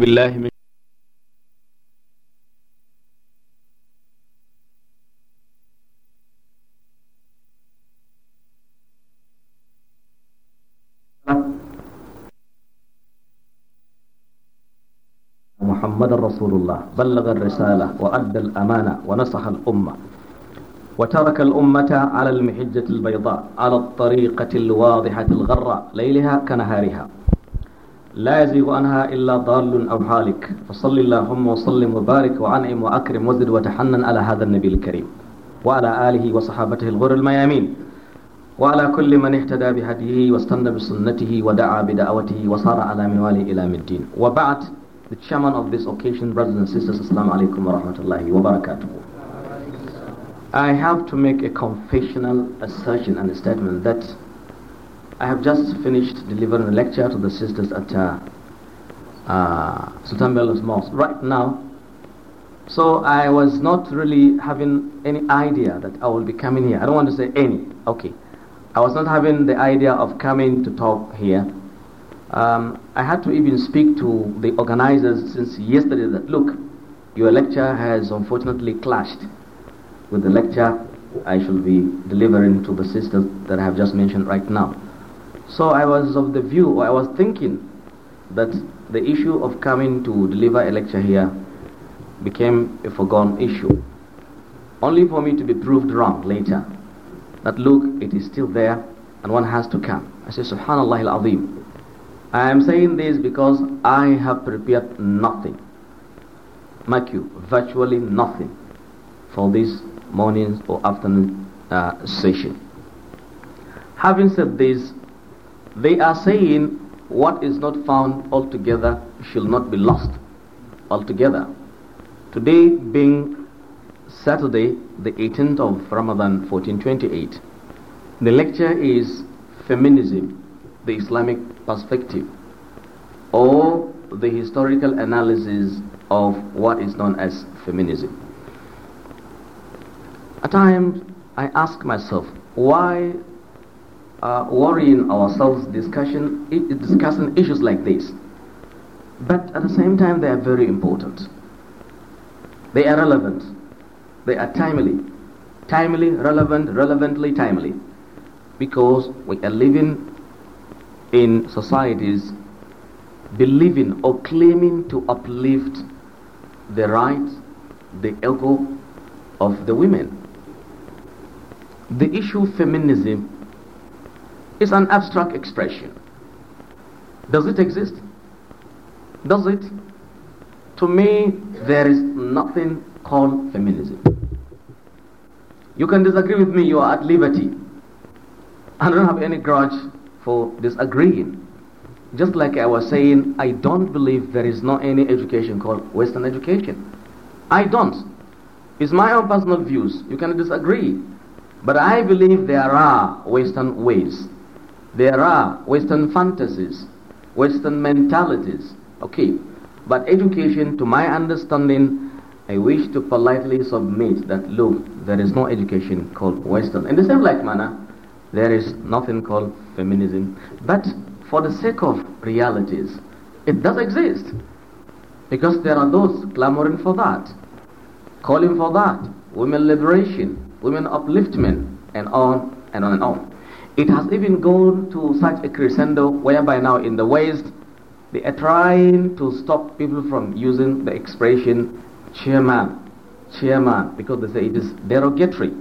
بالله من محمد رسول الله بلغ الرسالة وأدى الأمانة ونصح الأمة وترك الأمة على المحجة البيضاء على الطريقة الواضحة الغراء ليلها كنهارها لا يزيغ عنها إلا ضال أو حالك فصل اللهم وسلم وبارك وعنعم وأكرم وزد وتحنن على هذا النبي الكريم وعلى آله وصحابته الغر الميامين وعلى كل من اهتدى بهديه واستنى بسنته ودعا بدعوته وصار على منواله إلى الدين وبعد the chairman of this occasion brothers and sisters السلام عليكم ورحمة الله وبركاته I have to make a confessional assertion and a statement that I have just finished delivering a lecture to the sisters at uh, uh, Sultan Bello's Mosque right now. So I was not really having any idea that I will be coming here. I don't want to say any. Okay. I was not having the idea of coming to talk here. Um, I had to even speak to the organizers since yesterday that look, your lecture has unfortunately clashed with the lecture I shall be delivering to the sisters that I have just mentioned right now. So I was of the view, or I was thinking, that the issue of coming to deliver a lecture here became a foregone issue, only for me to be proved wrong later. That look, it is still there, and one has to come. I say, Subhanallah al-Azim. I am saying this because I have prepared nothing, mark you, virtually nothing, for this morning or afternoon uh, session. Having said this, they are saying what is not found altogether shall not be lost altogether. Today being Saturday, the 18th of Ramadan 1428. The lecture is Feminism, the Islamic Perspective, or the historical analysis of what is known as feminism. At times, I ask myself, why uh, worrying ourselves discussion, discussing issues like this. But at the same time, they are very important. They are relevant. They are timely. Timely, relevant, relevantly timely. Because we are living in societies believing or claiming to uplift the rights, the ego of the women. The issue of feminism is an abstract expression. Does it exist? Does it? To me, there is nothing called feminism. You can disagree with me, you are at liberty. I don't have any grudge for disagreeing. Just like I was saying, I don't believe there is not any education called Western education. I don't. It's my own personal views. You can disagree. But I believe there are Western ways there are Western fantasies, Western mentalities. Okay, but education, to my understanding, I wish to politely submit that look, there is no education called Western. In the same like manner, there is nothing called feminism. But for the sake of realities, it does exist. Because there are those clamoring for that, calling for that, women liberation, women upliftment, and on and on and on. It has even gone to such a crescendo whereby now in the West they are trying to stop people from using the expression chairman, chairman, because they say it is derogatory.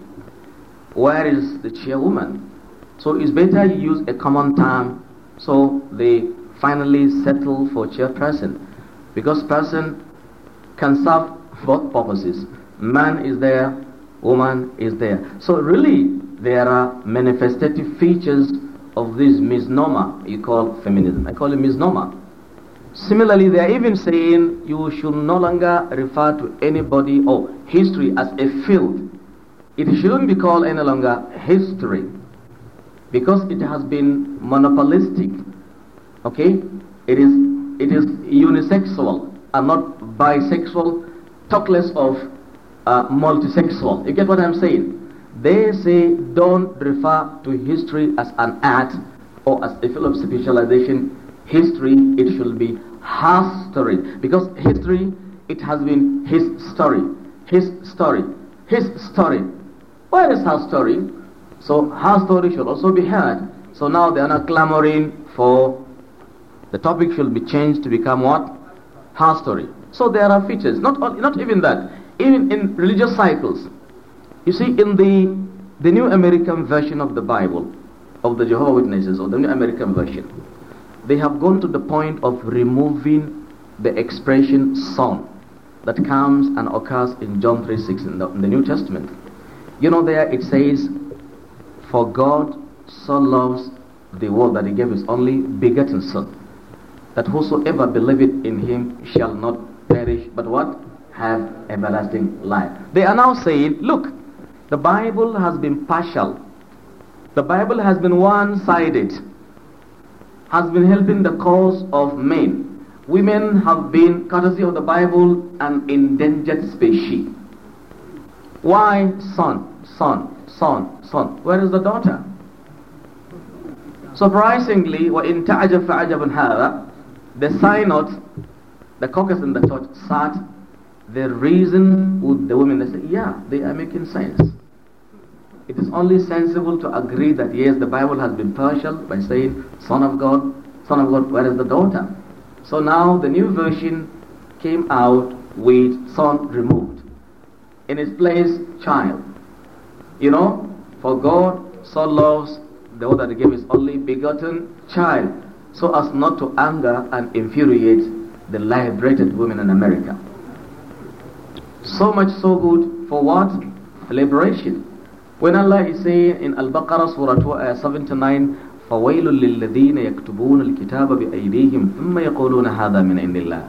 Where is the chairwoman? So it's better you use a common term so they finally settle for chairperson because person can serve both purposes. Man is there woman is there. So really, there are manifestative features of this misnomer you call feminism. I call it misnomer. Similarly, they are even saying you should no longer refer to anybody or history as a field. It shouldn't be called any longer history because it has been monopolistic. Okay? It is, it is unisexual and not bisexual, talk less of uh, multisexual. You get what I'm saying? They say don't refer to history as an art or as a field of specialization. History, it should be story Because history, it has been his story. His story. His story. Where is her story? So her story should also be heard. So now they are not clamoring for the topic should be changed to become what? Her story. So there are features. Not, all, not even that even in religious cycles. You see, in the, the New American version of the Bible, of the Jehovah Witnesses, or the New American version, they have gone to the point of removing the expression son that comes and occurs in John 3.6 in, the, in the New Testament. You know there it says, For God so loves the world that he gave his only begotten son, that whosoever believeth in him shall not perish, but what? have everlasting life. They are now saying, look, the Bible has been partial. The Bible has been one-sided, has been helping the cause of men. Women have been, courtesy of the Bible, an endangered species. Why son, son, son, son? Where is the daughter? Surprisingly, وَإِن تَعْجَبْ فَعَجَبٌ هَذَا The synod, the caucus in the church, sat the reason with the women. They say, yeah, they are making sense. It is only sensible to agree that yes, the Bible has been partial by saying, son of God, son of God, where is the daughter? So now the new version came out with son removed. In its place, child. You know, for God so loves the one that he gave his only begotten child so as not to anger and infuriate the liberated women in America. So much so good for what? Liberation. When Allah is saying in Al-Baqarah Surah 79, فويل للذين يكتبون الكتاب بأيديهم ثم يقولون هذا من عند الله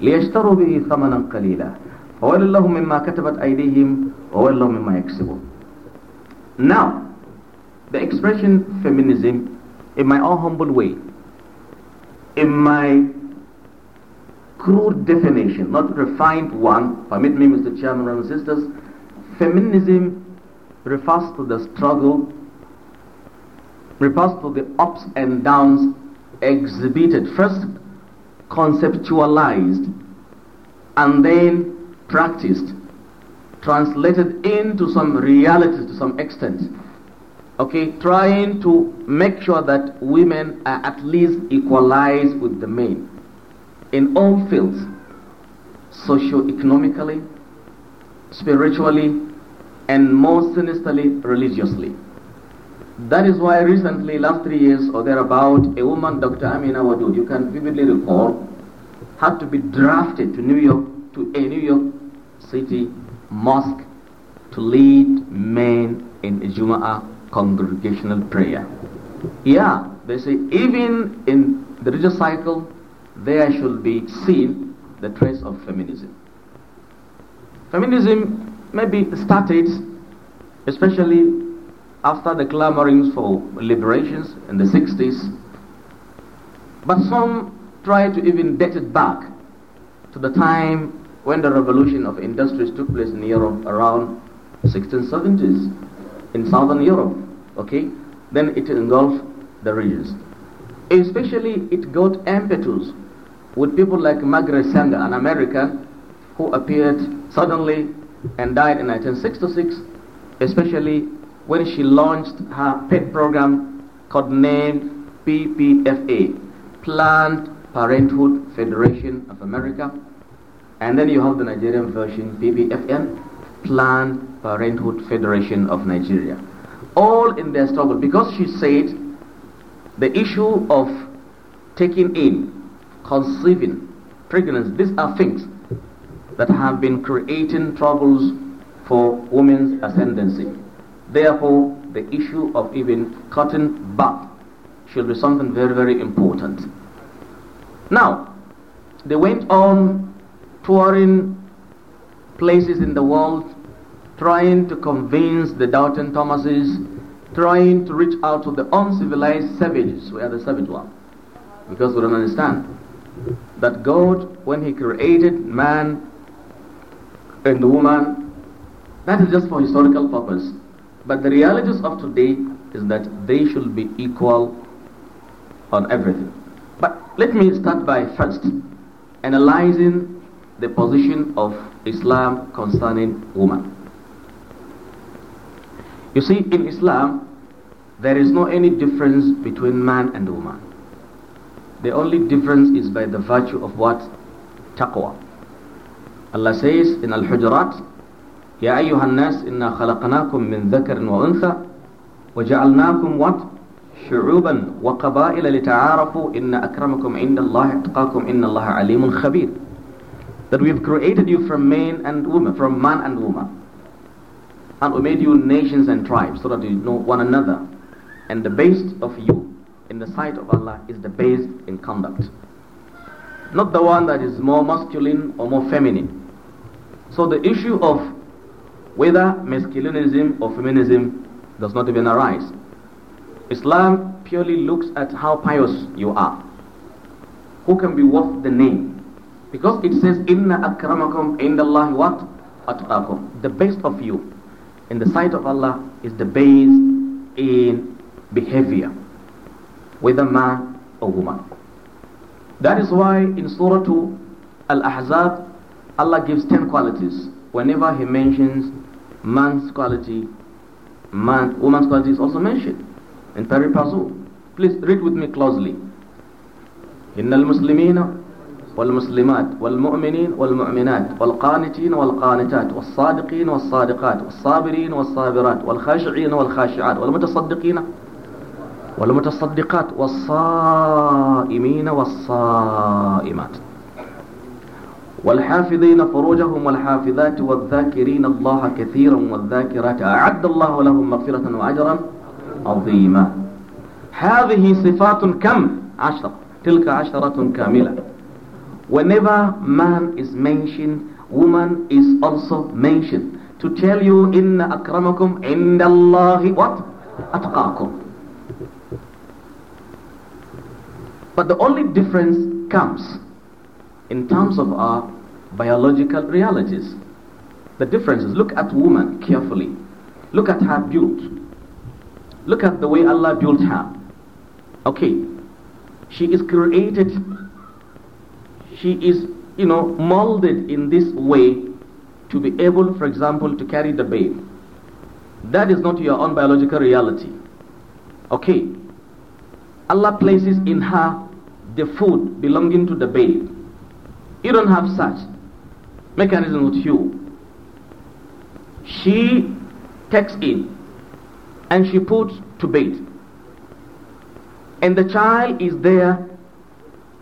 ليشتروا به ثمنا قليلا فويل لهم مما كتبت أيديهم وويل لهم مما يكسبون Now, the expression feminism, in my own humble way, in my crude definition, not refined one, permit me Mr. Chairman and sisters, feminism refers to the struggle, refers to the ups and downs exhibited, first conceptualized and then practiced, translated into some reality to some extent. Okay, trying to make sure that women are at least equalized with the men in all fields socio-economically, spiritually, and more sinisterly, religiously. That is why recently, last three years or thereabout, a woman, Dr. Amina Wadud, you can vividly recall, had to be drafted to New York, to a New York City mosque to lead men in Jumu'ah congregational prayer. Yeah, they say even in the religious cycle, there should be seen the trace of feminism. Feminism maybe started, especially after the clamorings for liberations in the 60s, but some try to even date it back to the time when the revolution of industries took place in Europe around 1670s in southern Europe, okay? Then it engulfed the regions. Especially it got impetus with people like Margaret Sanger, an American who appeared suddenly and died in 1966, especially when she launched her pet program called named PPFA, Planned Parenthood Federation of America. And then you have the Nigerian version, PPFN, Planned Parenthood Federation of Nigeria. All in their struggle because she said the issue of taking in conceiving, pregnancy, these are things that have been creating troubles for women's ascendancy. Therefore, the issue of even cutting back should be something very, very important. Now, they went on touring places in the world, trying to convince the doubting Thomases, trying to reach out to the uncivilized savages. We are the savage one because we don't understand that God, when He created man and woman, that is just for historical purpose. But the realities of today is that they should be equal on everything. But let me start by first analyzing the position of Islam concerning woman. You see, in Islam, there is no any difference between man and woman. The only difference is by the virtue of what? Taqwa. Allah says in Al-Hujurat, Ya يا أيها الناس Min خلقناكم Wa ذكر وأنثى وجعلناكم what? شعوبا وقبائل لتعارفوا إن أكرمكم عند Allah Atqakum Inna Allah Alimun خبير That we have created you from man and woman, from man and woman. And we made you nations and tribes so that you know one another. And the base of you in the sight of Allah is the base in conduct. Not the one that is more masculine or more feminine. So the issue of whether masculinism or feminism does not even arise. Islam purely looks at how pious you are. Who can be worth the name? Because it says, Inna akramakum indallahi what? Atqakum. The best of you in the sight of Allah is the base in behavior. With a man or woman. That is why in Surah Al-Ahzab, Allah gives 10 qualities. Whenever He mentions man's quality, man, woman's quality is also mentioned in Pari Please read with me closely. إن المسلمين والمسلمات والمؤمنين والمؤمنات والقانتين والقانتات والصادقين والصادقات والصابرين والصابرات والخاشعين والخاشعات والمتصدقين والمتصدقات والصائمين والصائمات والحافظين فروجهم والحافظات والذاكرين الله كثيرا والذاكرات أعد الله لهم مغفرة وأجرا عظيما هذه صفات كم عشرة تلك عشرة كاملة whenever man is mentioned woman is also mentioned to tell you إن أكرمكم عند الله what أتقاكم But the only difference comes in terms of our biological realities. The difference is look at woman carefully. Look at her build. Look at the way Allah built her. Okay. She is created. She is, you know, molded in this way to be able, for example, to carry the babe. That is not your own biological reality. Okay. Allah places in her the food belonging to the babe. You don't have such mechanism with you. She takes it and she puts to bed. And the child is there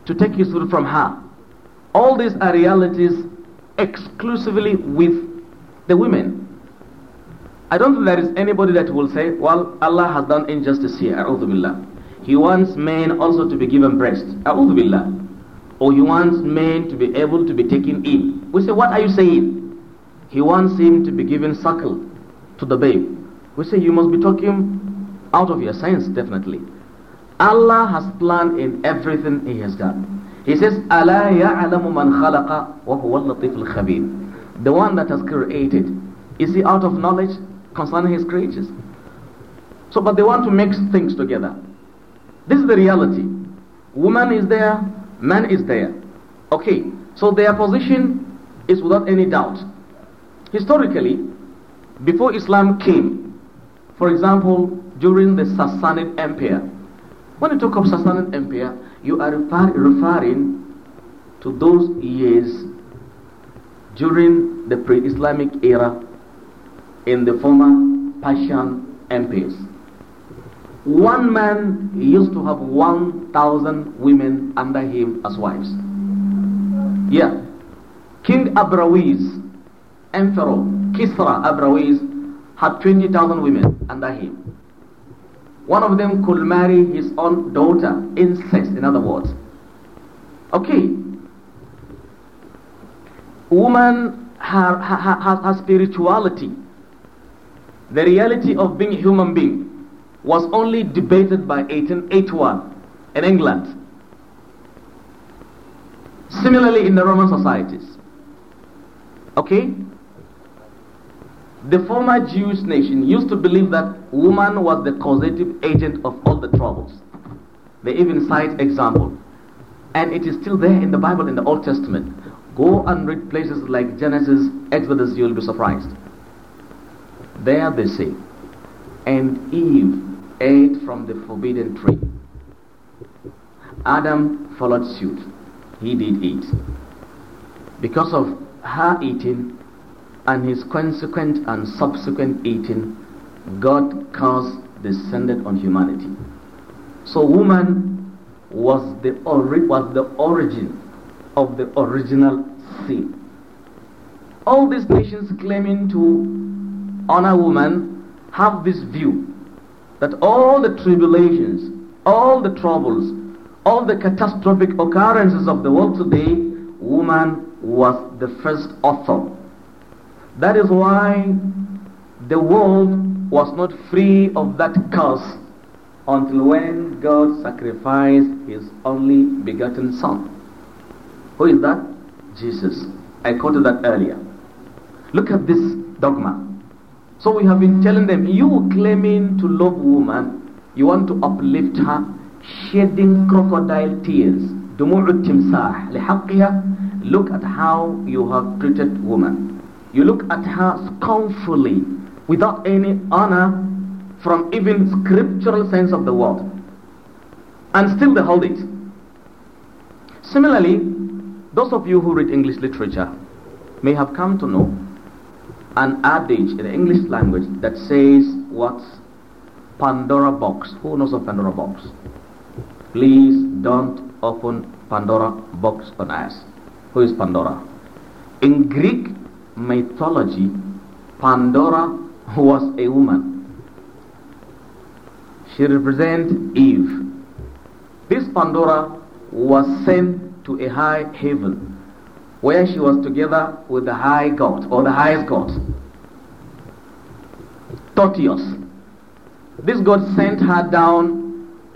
to take his food from her. All these are realities exclusively with the women. I don't think there is anybody that will say, well, Allah has done injustice here. A'udhu billah. He wants men also to be given breast. A'udhu billah. Or he wants men to be able to be taken in. We say, what are you saying? He wants him to be given suckle to the babe. We say, you must be talking out of your science, definitely. Allah has planned in everything he has done. He says, أَلَا يَعْلَمُ مَنْ خَلَقَ وَهُوَ اللَّطِيفُ الْخَبِيرُ The one that has created. Is he out of knowledge concerning his creatures? So, but they want to mix things together. This is the reality. Woman is there, man is there. Okay, so their position is without any doubt. Historically, before Islam came, for example, during the Sassanid Empire, when you talk of Sassanid Empire, you are refer referring to those years during the pre-Islamic era in the former Persian empires one man used to have 1,000 women under him as wives. Yeah. King Abrawiz, Emperor Kisra Abrawiz, had 20,000 women under him. One of them could marry his own daughter, incest, in other words. Okay. Woman, her, her, her, her spirituality, the reality of being a human being, was only debated by 1881 in England. Similarly, in the Roman societies. Okay? The former Jewish nation used to believe that woman was the causative agent of all the troubles. They even cite example. And it is still there in the Bible in the Old Testament. Go and read places like Genesis, Exodus, you'll be surprised. There they say, and Eve ate from the forbidden tree. Adam followed suit. He did eat. Because of her eating and his consequent and subsequent eating, God caused descended on humanity. So woman was the, ori- was the origin of the original sin. All these nations claiming to honor woman have this view that all the tribulations, all the troubles, all the catastrophic occurrences of the world today, woman was the first author. That is why the world was not free of that curse until when God sacrificed his only begotten son. Who is that? Jesus. I quoted that earlier. Look at this dogma. So we have been telling them, you claiming to love woman, you want to uplift her, shedding crocodile tears. Look at how you have treated woman. You look at her scornfully, without any honor from even scriptural sense of the word. And still they hold it. Similarly, those of you who read English literature may have come to know an adage in the English language that says what Pandora box. Who knows of Pandora box? Please don't open Pandora box on us. Who is Pandora? In Greek mythology, Pandora was a woman. She represents Eve. This Pandora was sent to a high heaven where she was together with the high god or the highest god, Totios. This god sent her down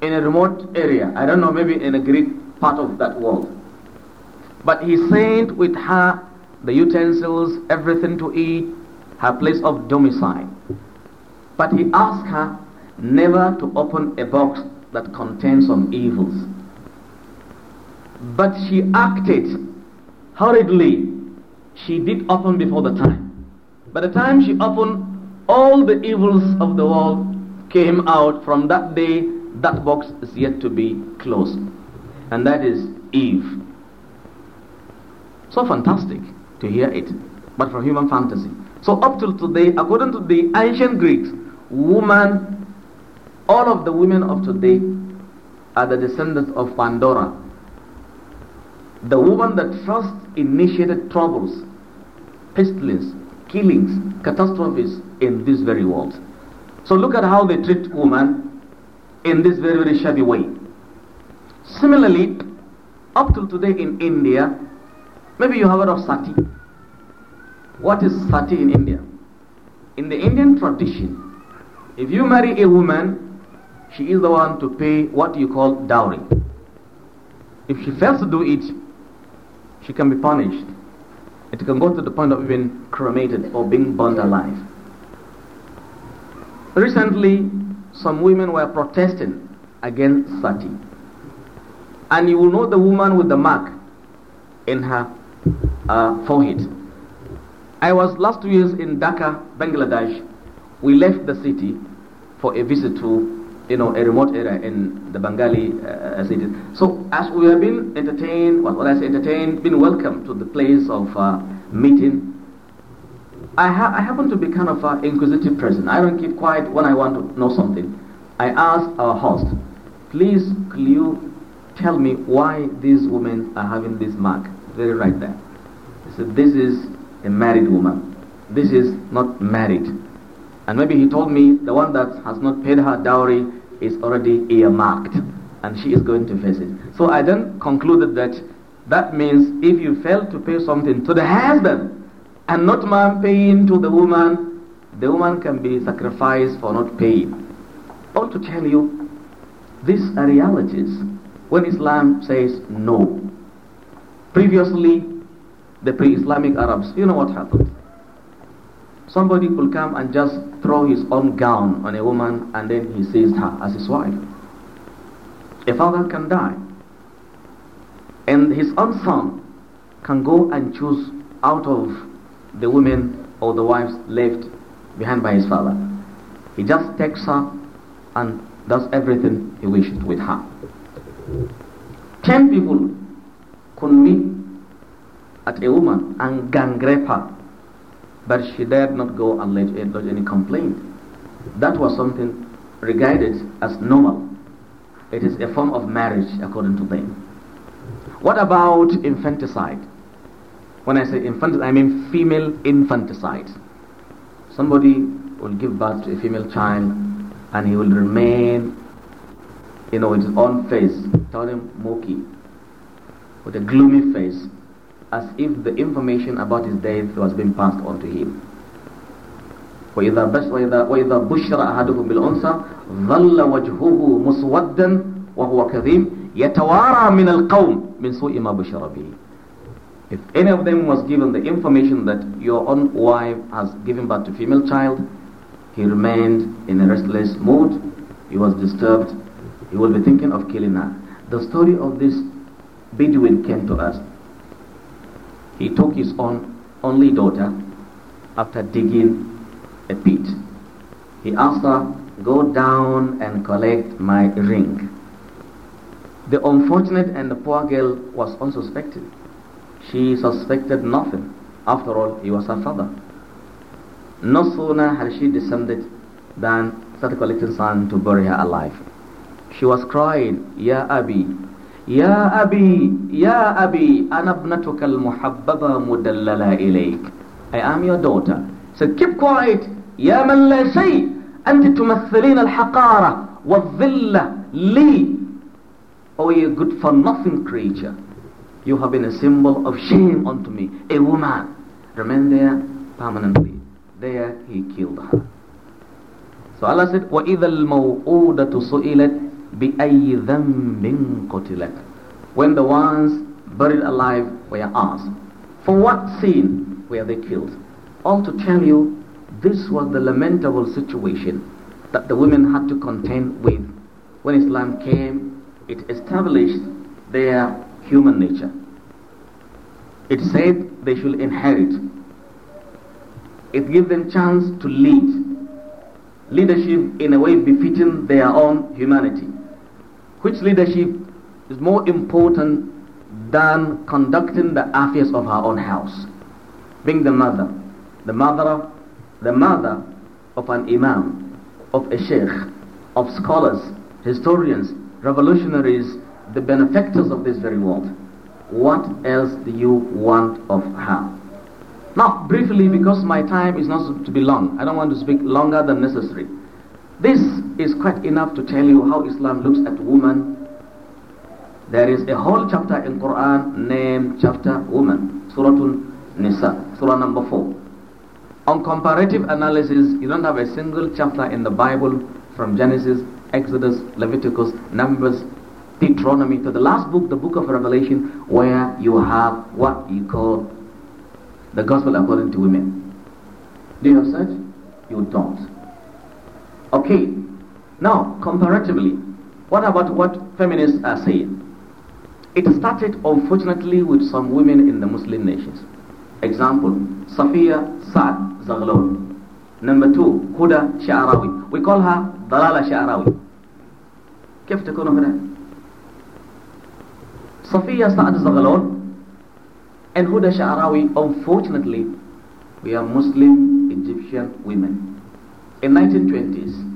in a remote area. I don't know, maybe in a Greek part of that world. But he sent with her the utensils, everything to eat, her place of domicile. But he asked her never to open a box that contains some evils. But she acted Hurriedly, she did open before the time. By the time she opened, all the evils of the world came out from that day. That box is yet to be closed. And that is Eve. So fantastic to hear it, but from human fantasy. So up till today, according to the ancient Greeks, woman, all of the women of today are the descendants of Pandora the woman that first initiated troubles, pestilence, killings, catastrophes in this very world. So look at how they treat woman in this very, very shabby way. Similarly, up till today in India, maybe you have heard of sati. What is sati in India? In the Indian tradition, if you marry a woman, she is the one to pay what you call dowry. If she fails to do it, she can be punished. It can go to the point of being cremated or being burned alive. Recently, some women were protesting against sati. And you will know the woman with the mark in her uh, forehead. I was last two years in Dhaka, Bangladesh. We left the city for a visit to you know, a remote area in the Bengali uh, uh So as we have been entertained, what, I say entertained, been welcomed to the place of uh, meeting, I, ha I happen to be kind of an inquisitive person. I don't keep quiet when I want to know something. I ask our host, please could you tell me why these women are having this mark? Very right there. He said, this is a married woman. This is not married. And maybe he told me the one that has not paid her dowry is already earmarked and she is going to face it. So I then concluded that that means if you fail to pay something to the husband and not man paying to the woman, the woman can be sacrificed for not paying. All to tell you, these are realities when Islam says no. Previously, the pre-Islamic Arabs, you know what happened? Somebody could come and just throw his own gown on a woman and then he sees her as his wife. A father can die. And his own son can go and choose out of the women or the wives left behind by his father. He just takes her and does everything he wishes with her. Ten people could meet at a woman and gang rape her but she dared not go and lodge, lodge any complaint. That was something regarded as normal. It is a form of marriage according to them. What about infanticide? When I say infanticide, I mean female infanticide. Somebody will give birth to a female child and he will remain, you know, with his own face, telling murky, with a gloomy face, as if the information about his death was being passed on to him. وإذا بشر أحدهم بالأنثى ظل وجهه مسودا وهو كظيم يتوارى من القوم من سوء ما بشر به. If any of them was given the information that your own wife has given birth to female child, he remained in a restless mood. He was disturbed. He will be thinking of killing her. The story of this Bedouin came to us. He took his own only daughter after digging a pit. He asked her, Go down and collect my ring. The unfortunate and the poor girl was unsuspected. She suspected nothing. After all, he was her father. No sooner had she descended than started collecting sand to bury her alive. She was crying, Ya Abi, يا أبي يا أبي أنا ابنتك المحببة مدللة إليك I am your daughter So keep quiet يا من لا شيء أنت تمثلين الحقارة والذلة لي Oh you good for nothing creature You have been a symbol of shame unto me A woman Remain there permanently There he killed her So Allah said وَإِذَا الْمَوْءُودَةُ سُئِلَتْ them being قُتِلَكَ When the ones buried alive were asked, For what sin were they killed? All to tell you, this was the lamentable situation that the women had to contend with. When Islam came, it established their human nature. It said they should inherit. It gave them chance to lead. Leadership in a way befitting their own humanity. Which leadership is more important than conducting the affairs of her own house? Being the mother, the mother, the mother of an imam, of a sheikh, of scholars, historians, revolutionaries, the benefactors of this very world. What else do you want of her? Now, briefly, because my time is not to be long, I don't want to speak longer than necessary. This is quite enough to tell you how Islam looks at woman. There is a whole chapter in Quran named chapter woman, Surah Nisa, Surah number 4. On comparative analysis, you don't have a single chapter in the Bible from Genesis, Exodus, Leviticus, Numbers, Deuteronomy to the last book, the book of Revelation, where you have what you call the gospel according to women. Do you have such? You don't. Okay, now comparatively, what about what feminists are saying? It started unfortunately with some women in the Muslim nations. Example, Safiya Saad Zaghlol. Number two, Huda Sha'arawi. We call her Dalala Sha'arawi. كيف تكون هنا؟ Safia Saad Zaghlol and Huda Sha'arawi, unfortunately, we are Muslim Egyptian women in 1920s,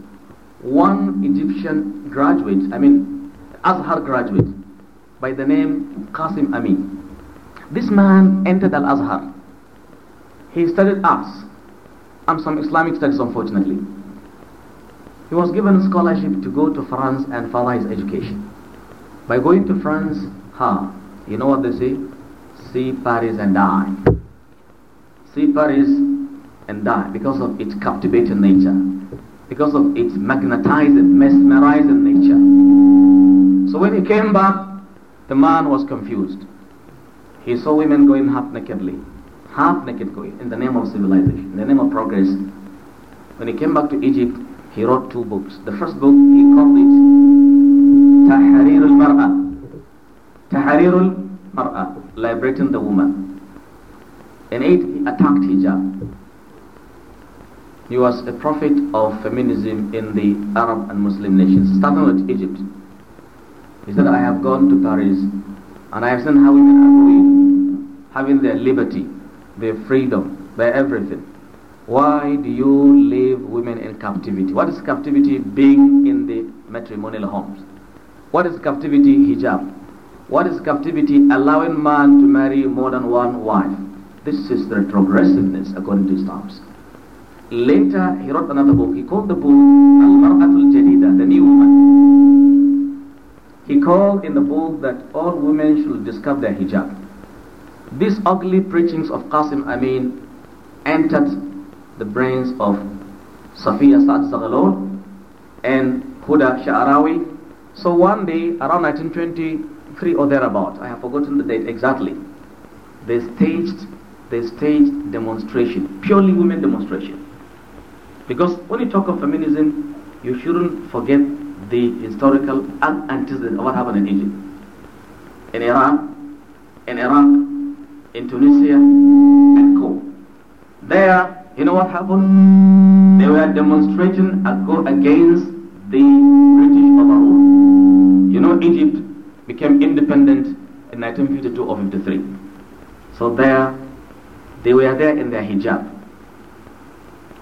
one Egyptian graduate, I mean Azhar graduate, by the name Qasim Amin. This man entered Al-Azhar. He studied arts and some Islamic studies, unfortunately. He was given a scholarship to go to France and follow his education. By going to France, ha, huh, you know what they say? See Paris and die. See Paris and die because of its captivating nature, because of its magnetizing, mesmerizing nature. So when he came back, the man was confused. He saw women going half nakedly, half naked going in the name of civilization, in the name of progress. When he came back to Egypt, he wrote two books. The first book he called it Tahrir al-Mar'a. Tahrir al-Mar'a, liberating the woman. In it, he attacked hijab he was a prophet of feminism in the Arab and Muslim nations, starting with Egypt. He said, I have gone to Paris and I have seen how women are going, having their liberty, their freedom, their everything. Why do you leave women in captivity? What is captivity? Being in the matrimonial homes. What is captivity? Hijab. What is captivity? Allowing man to marry more than one wife. This is the retrogressiveness according to his Later, he wrote another book. He called the book Al-Mar'atul Jadida, the new woman. He called in the book that all women should discover their hijab. These ugly preachings of Qasim Amin entered the brains of Safiya Sa'd Zaghalol and Huda Sha'arawi. So one day, around 1923 or thereabout, I have forgotten the date exactly, they staged, they staged demonstration, purely women demonstration because when you talk of feminism, you shouldn't forget the historical antecedent of what happened in Egypt, in Iran, in Iraq, in Tunisia, and Co. There, you know what happened? They were demonstrating against the British overrule. You know, Egypt became independent in 1952 or 53. So there, they were there in their hijab.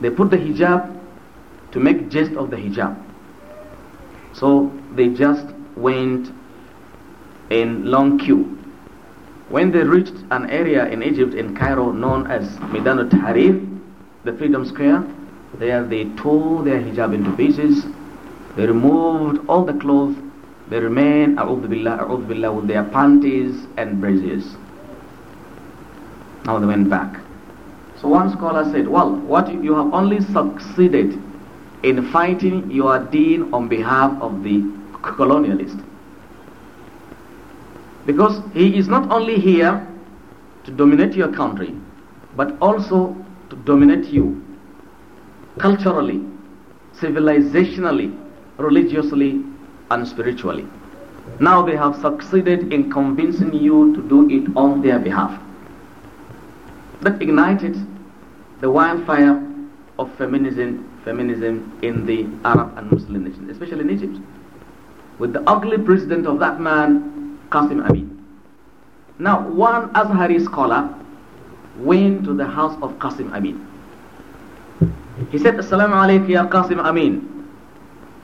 They put the hijab to make jest of the hijab. So they just went in long queue. When they reached an area in Egypt, in Cairo, known as Midan tahrir the Freedom Square, there they tore their hijab into pieces. They removed all the clothes. They remained, a'udhu billah, a'udhu billah, with their panties and braziers. Now they went back. So one scholar said, well, what you have only succeeded in fighting your deen on behalf of the colonialist. Because he is not only here to dominate your country, but also to dominate you culturally, civilizationally, religiously, and spiritually. Now they have succeeded in convincing you to do it on their behalf. That ignited the wildfire of feminism, feminism in the Arab and Muslim nations, especially in Egypt, with the ugly president of that man, Qasim Amin. Now, one Azhari scholar went to the house of Qasim Amin. He said, Assalamu alaykum ya Qasim Amin.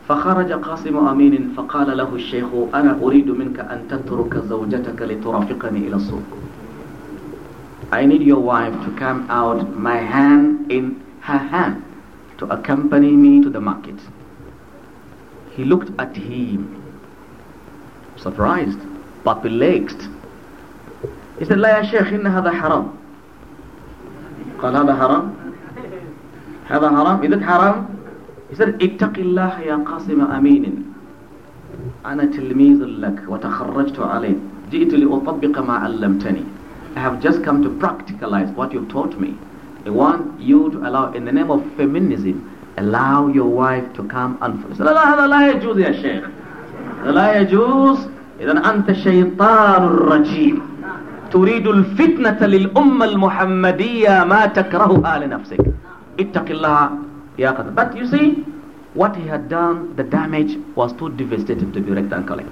فخرج قاسم أمين فقال له الشيخ أنا أريد منك أن تترك زوجتك لترافقني إلى السوق I need your wife to come out my hand in her hand to accompany me to the market. He looked at him, surprised, but perplexed. He said, لا يا شيخ إن هذا حرام. قال هذا حرام؟ هذا حرام؟ Is it حرام? He said, اتق الله يا قاسم أمين. أنا تلميذ لك وتخرجت عليه. جئت لأطبق ما علمتني. I have just come to practicalize what you've taught me. I want you to allow, in the name of feminism, allow your wife to come and هذا لا يجوز يا شيخ لا يجوز إذا أنت شيطان الرجيم تريد الفتنة للأمة المحمدية ما تكرهها لنفسك اتق الله يا قدر but you see what he had done the damage was too devastating to be corrected and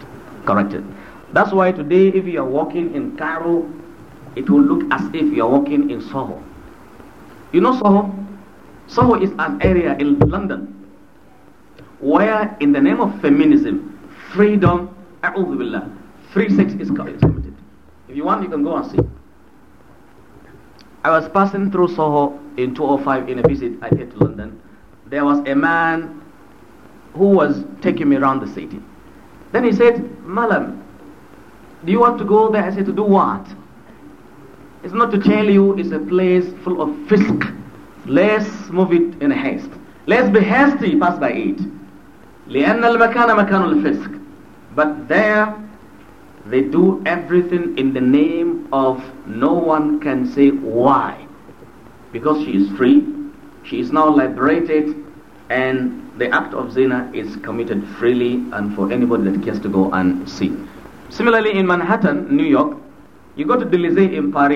corrected that's why today if you are walking in Cairo it will look as if you are walking in Soho. You know Soho? Soho is an area in London where, in the name of feminism, freedom, billah, free sex is committed. If you want, you can go and see. I was passing through Soho in 205 in a visit I paid to London. There was a man who was taking me around the city. Then he said, Malam, do you want to go there? I said, to do what? It's not to tell you it's a place full of fisk. Let's move it in haste. Let's be hasty, pass by it. لأن المكان مكان الفسق. But there they do everything in the name of no one can say why. Because she is free, she is now liberated, and the act of zina is committed freely and for anybody that cares to go and see. Similarly, in Manhattan, New York, you go to Deleuze in Paris.